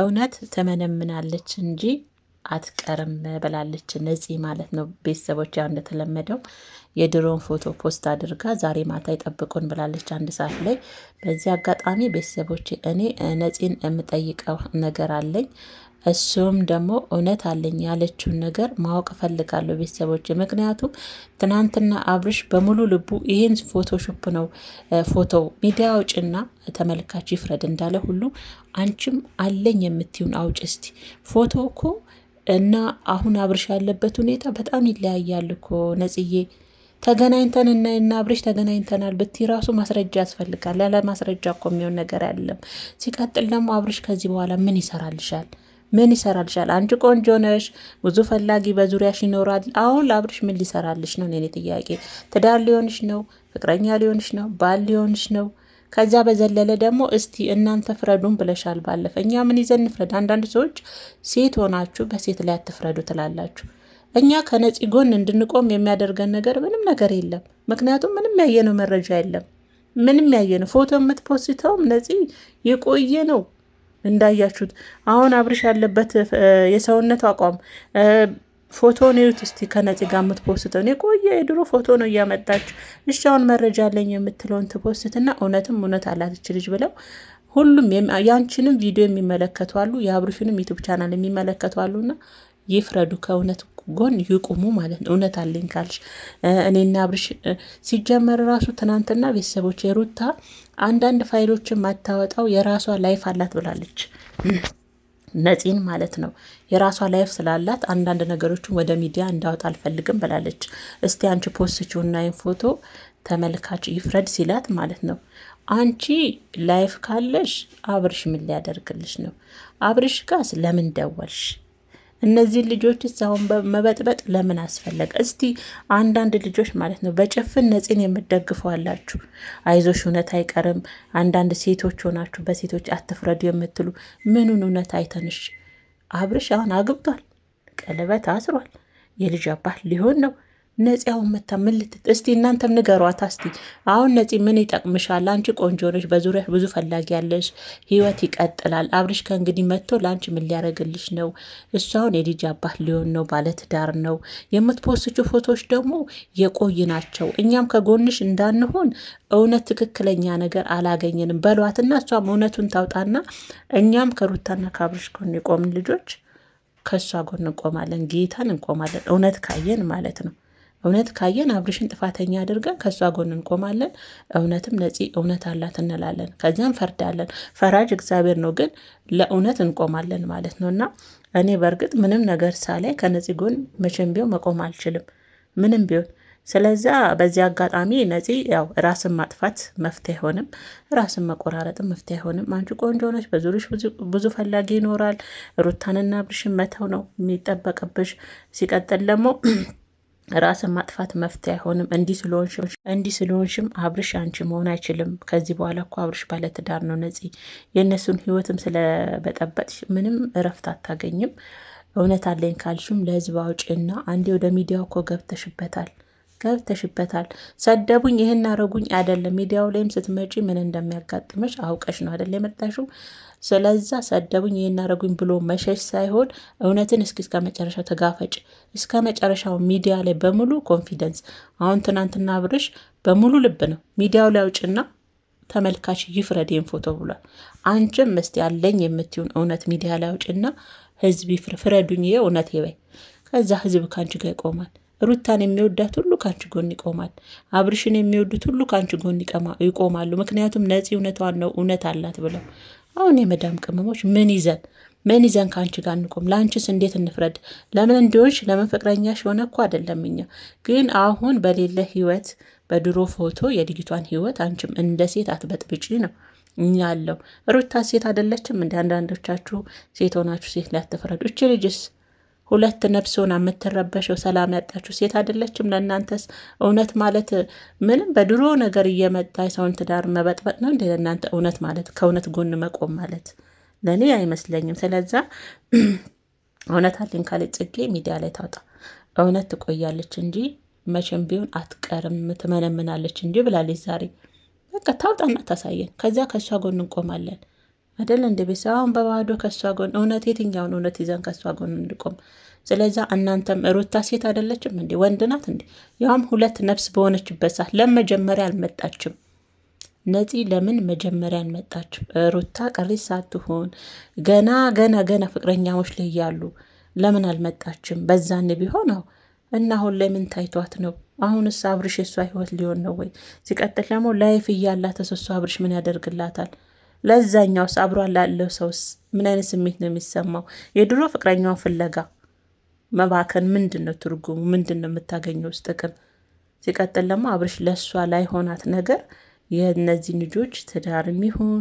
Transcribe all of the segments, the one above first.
እውነት ትመነምናለች እንጂ አትቀርም ብላለች። ነፂ ማለት ነው። ቤተሰቦች ያው እንደተለመደው የድሮን ፎቶ ፖስት አድርጋ ዛሬ ማታ ይጠብቁን ብላለች አንድ ሰዓት ላይ። በዚህ አጋጣሚ ቤተሰቦች እኔ ነፂን የምጠይቀው ነገር አለኝ። እሱም ደግሞ እውነት አለኝ ያለችውን ነገር ማወቅ ፈልጋለሁ ቤተሰቦች። ምክንያቱም ትናንትና አብርሽ በሙሉ ልቡ ይህን ፎቶሾፕ ነው ፎቶ ሚዲያ አውጭና ተመልካች ይፍረድ እንዳለ ሁሉ አንቺም አለኝ የምትዩን አውጭ እስቲ ፎቶ እኮ እና አሁን አብርሽ ያለበት ሁኔታ በጣም ይለያያል እኮ ነጽዬ ተገናኝተን እና አብርሽ ተገናኝተናል ብቲ ራሱ ማስረጃ ያስፈልጋል። ያለ ማስረጃ እኮ የሚሆን ነገር አይደለም። ሲቀጥል ደግሞ አብርሽ ከዚህ በኋላ ምን ይሰራልሻል? ምን ይሰራልሻል? አንቺ ቆንጆ ነሽ፣ ብዙ ፈላጊ በዙሪያሽ ይኖራል። አሁን ለአብርሽ ምን ሊሰራልሽ ነው? የኔ ጥያቄ ትዳር ሊሆንሽ ነው፣ ፍቅረኛ ሊሆንሽ ነው፣ ባል ሊሆንሽ ነው። ከዛ በዘለለ ደግሞ እስቲ እናንተ ፍረዱን ብለሻል ባለፈ። እኛ ምን ይዘን እንፍረድ? አንዳንድ ሰዎች ሴት ሆናችሁ በሴት ላይ አትፍረዱ ትላላችሁ። እኛ ከነፂ ጎን እንድንቆም የሚያደርገን ነገር ምንም ነገር የለም። ምክንያቱም ምንም ያየነው መረጃ የለም። ምንም ያየነው ፎቶ የምትፖስተውም ነፂ የቆየ ነው እንዳያችሁት አሁን አብርሽ ያለበት የሰውነት አቋም ፎቶውን እዩት እስቲ ከነፂ ጋ የምትፖስተው እኔ ቆየ የድሮ ፎቶ ነው እያመጣች እሻውን መረጃ አለኝ የምትለውን ትፖስትና እውነትም እውነት አላትች ልጅ ብለው ሁሉም ያንቺንም ቪዲዮ የሚመለከቱ አሉ፣ የአብርሽንም ዩቱብ ቻናል የሚመለከቱ አሉና ይፍረዱ ከእውነት ጎን ይቁሙ ማለት ነው። እውነት አለኝ ካልሽ እኔና አብርሽ ሲጀመር ራሱ ትናንትና ቤተሰቦች የሩታ አንዳንድ ፋይሎችን ማታወጣው የራሷ ላይፍ አላት ብላለች ነፂን ማለት ነው። የራሷ ላይፍ ስላላት አንዳንድ ነገሮችን ወደ ሚዲያ እንዳወጣ አልፈልግም ብላለች። እስቲ አንቺ ፖስትችውና ፎቶ ተመልካች ይፍረድ ሲላት ማለት ነው። አንቺ ላይፍ ካለሽ አብርሽ ምን ሊያደርግልሽ ነው? አብርሽ ጋስ ለምን ደወልሽ? እነዚህን ልጆች አሁን መበጥበጥ ለምን አስፈለገ? እስቲ አንዳንድ ልጆች ማለት ነው በጭፍን ነፂን የምትደግፈው አላችሁ። አይዞሽ እውነት አይቀርም። አንዳንድ ሴቶች ሆናችሁ በሴቶች አትፍረዱ የምትሉ ምኑን እውነት አይተንሽ። አብርሽ አሁን አግብቷል፣ ቀለበት አስሯል፣ የልጅ አባት ሊሆን ነው። ነፂ አሁን መታ ምን ልትት እስቲ እናንተም ንገሯት። አስቲ አሁን ነፂ ምን ይጠቅምሻል? አንቺ ቆንጆ ነሽ፣ በዙሪያ ብዙ ፈላጊ ያለሽ፣ ህይወት ይቀጥላል። አብርሽ ከእንግዲህ መጥቶ ለአንቺ ምን ሊያደርግልሽ ነው? እሱ አሁን የልጅ አባት ሊሆን ነው፣ ባለትዳር ነው። የምትፖስችው ፎቶዎች ደግሞ የቆይ ናቸው። እኛም ከጎንሽ እንዳንሆን እውነት ትክክለኛ ነገር አላገኘንም በሏትና እሷም እውነቱን ታውጣና እኛም ከሩታና ከአብርሽ ጎን የቆምን ልጆች ከእሷ ጎን እንቆማለን፣ ጌታን እንቆማለን። እውነት ካየን ማለት ነው እውነት ካየን አብርሽን ጥፋተኛ አድርገን ከእሷ ጎን እንቆማለን። እውነትም ነፂ እውነት አላት እንላለን። ከዚያ እንፈርዳለን። ፈራጅ እግዚአብሔር ነው፣ ግን ለእውነት እንቆማለን ማለት ነው እና እኔ በእርግጥ ምንም ነገር ሳላይ ከነፂ ጎን መቼም ቢሆን መቆም አልችልም፣ ምንም ቢሆን ስለዚያ በዚህ አጋጣሚ ነፂ ያው ራስን ማጥፋት መፍትሄ አይሆንም። ራስን መቆራረጥም መፍትሄ አይሆንም። አንቺ ቆንጆ ነች፣ በዙሪሽ ብዙ ፈላጊ ይኖራል። ሩታንና ብርሽን መተው ነው የሚጠበቅብሽ። ሲቀጥል ደግሞ ራስን ማጥፋት መፍትሄ አይሆንም። እንዲህ ስለሆንሽም አብርሽ አንቺ መሆን አይችልም። ከዚህ በኋላ እኮ አብርሽ ባለትዳር ነው። ነፂ የእነሱን ህይወትም ስለበጠበጥሽ ምንም እረፍት አታገኝም። እውነት አለኝ ካልሽም ለህዝብ አውጪና አንዴ ወደ ሚዲያው እኮ ገብተሽበታል። ገብተሽበታል። ሰደቡኝ፣ ይህን አረጉኝ አይደለም። ሚዲያው ላይም ስትመጪ ምን እንደሚያጋጥምሽ አውቀሽ ነው አይደል የመጣሽው? ስለዛ ሰደቡኝ፣ ይህን አረጉኝ ብሎ መሸሽ ሳይሆን እውነትን እስኪ እስከ መጨረሻው ተጋፈጭ። እስከ መጨረሻው ሚዲያ ላይ በሙሉ ኮንፊደንስ። አሁን ትናንትና ብርሽ በሙሉ ልብ ነው ሚዲያው ላይ አውጭና ተመልካች ይፍረድ ይህን ፎቶ ብሏል። አንቺም እስቲ ያለኝ የምትሆን እውነት ሚዲያ ላይ አውጭና ህዝብ ፍረዱኝ፣ እውነት ይበይ። ከዛ ህዝብ ከአንቺ ጋር ይቆማል። ሩታን የሚወዳት ሁሉ ከአንቺ ጎን ይቆማል። አብርሽን የሚወዱት ሁሉ ከአንቺ ጎን ይቆማሉ። ምክንያቱም ነፂ እውነቷን ነው እውነት አላት ብለው አሁን የመዳም ቅመሞች ምን ይዘን ምን ይዘን ከአንቺ ጋር እንቆም? ለአንቺስ እንዴት እንፍረድ? ለምን እንዲሆንሽ ለምን ፍቅረኛሽ ሆነ እኮ አይደለም። እኛ ግን አሁን በሌለ ህይወት በድሮ ፎቶ የልጅቷን ህይወት አንቺም እንደ ሴት አትበጥብጪ ነው እኛ ያለው። ሩታ ሴት አይደለችም? እንደ አንዳንዶቻችሁ ሴት ሆናችሁ ሴት ላይ አትፍረዱ። እች ልጅስ ሁለት ነፍስ ሆና የምትረበሸው ሰላም ያጣችሁ ሴት አይደለችም? ለእናንተስ እውነት ማለት ምንም በድሮ ነገር እየመጣ የሰውን ትዳር መበጥበጥ ነው እንደ ለእናንተ እውነት ማለት ከእውነት ጎን መቆም ማለት ለእኔ አይመስለኝም። ስለዛ እውነት አለኝ ካለች ጽጌ ሚዲያ ላይ ታውጣ። እውነት ትቆያለች እንጂ መቼም ቢሆን አትቀርም፣ ትመነምናለች እንጂ ብላለች ዛሬ። በቃ ታውጣና ታሳየን። ከዚያ ከእሷ ጎን እንቆማለን። አይደል እንደ ቤተሰብ አሁን በባዶ ከእሷ ጎን እውነት የትኛውን እውነት ይዘን ከእሷ ጎን እንድቆም። ስለዛ እናንተም ሩታ ሴት አይደለችም እንዴ? ወንድ ናት እንዴ? ያውም ሁለት ነፍስ በሆነችበት ሰዓት ለምን መጀመሪያ አልመጣችም? ነፂ ለምን መጀመሪያ አልመጣችም? ሩታ ቀሪ ሳትሆን ገና ገና ገና ፍቅረኛሞች ላይ እያሉ ለምን አልመጣችም? በዛን ቢሆን እና አሁን ላይ ምን ታይቷት ነው? አሁንስ አብርሽ የእሷ ህይወት ሊሆን ነው ወይ? ሲቀጥል ደግሞ ላይፍ እያላት እሱ አብርሽ ምን ያደርግላታል? ለዛኛውስ አብሮ ላለው ሰውስ ምን አይነት ስሜት ነው የሚሰማው? የድሮ ፍቅረኛውን ፍለጋ መባከን ምንድን ነው ትርጉሙ? ምንድን ነው የምታገኘው ጥቅም? ሲቀጥል ደግሞ አብርሽ ለእሷ ላይ ሆናት ነገር የእነዚህ ልጆች ትዳር የሚሆን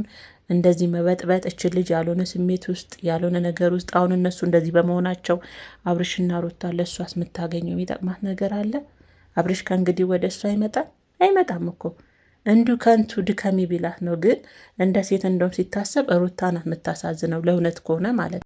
እንደዚህ መበጥበጥ እችል ልጅ ያልሆነ ስሜት ውስጥ ያልሆነ ነገር ውስጥ አሁን እነሱ እንደዚህ በመሆናቸው አብርሽና ሩታ ለእሷስ የምታገኘው የሚጠቅማት ነገር አለ? አብርሽ ከእንግዲህ ወደ እሷ አይመጣም አይመጣም እኮ እንዱ ከንቱ ድከሚ ቢላት ነው። ግን እንደ ሴት እንደውም ሲታሰብ ሩታ ናት የምታሳዝነው ለእውነት ከሆነ ማለት ነው።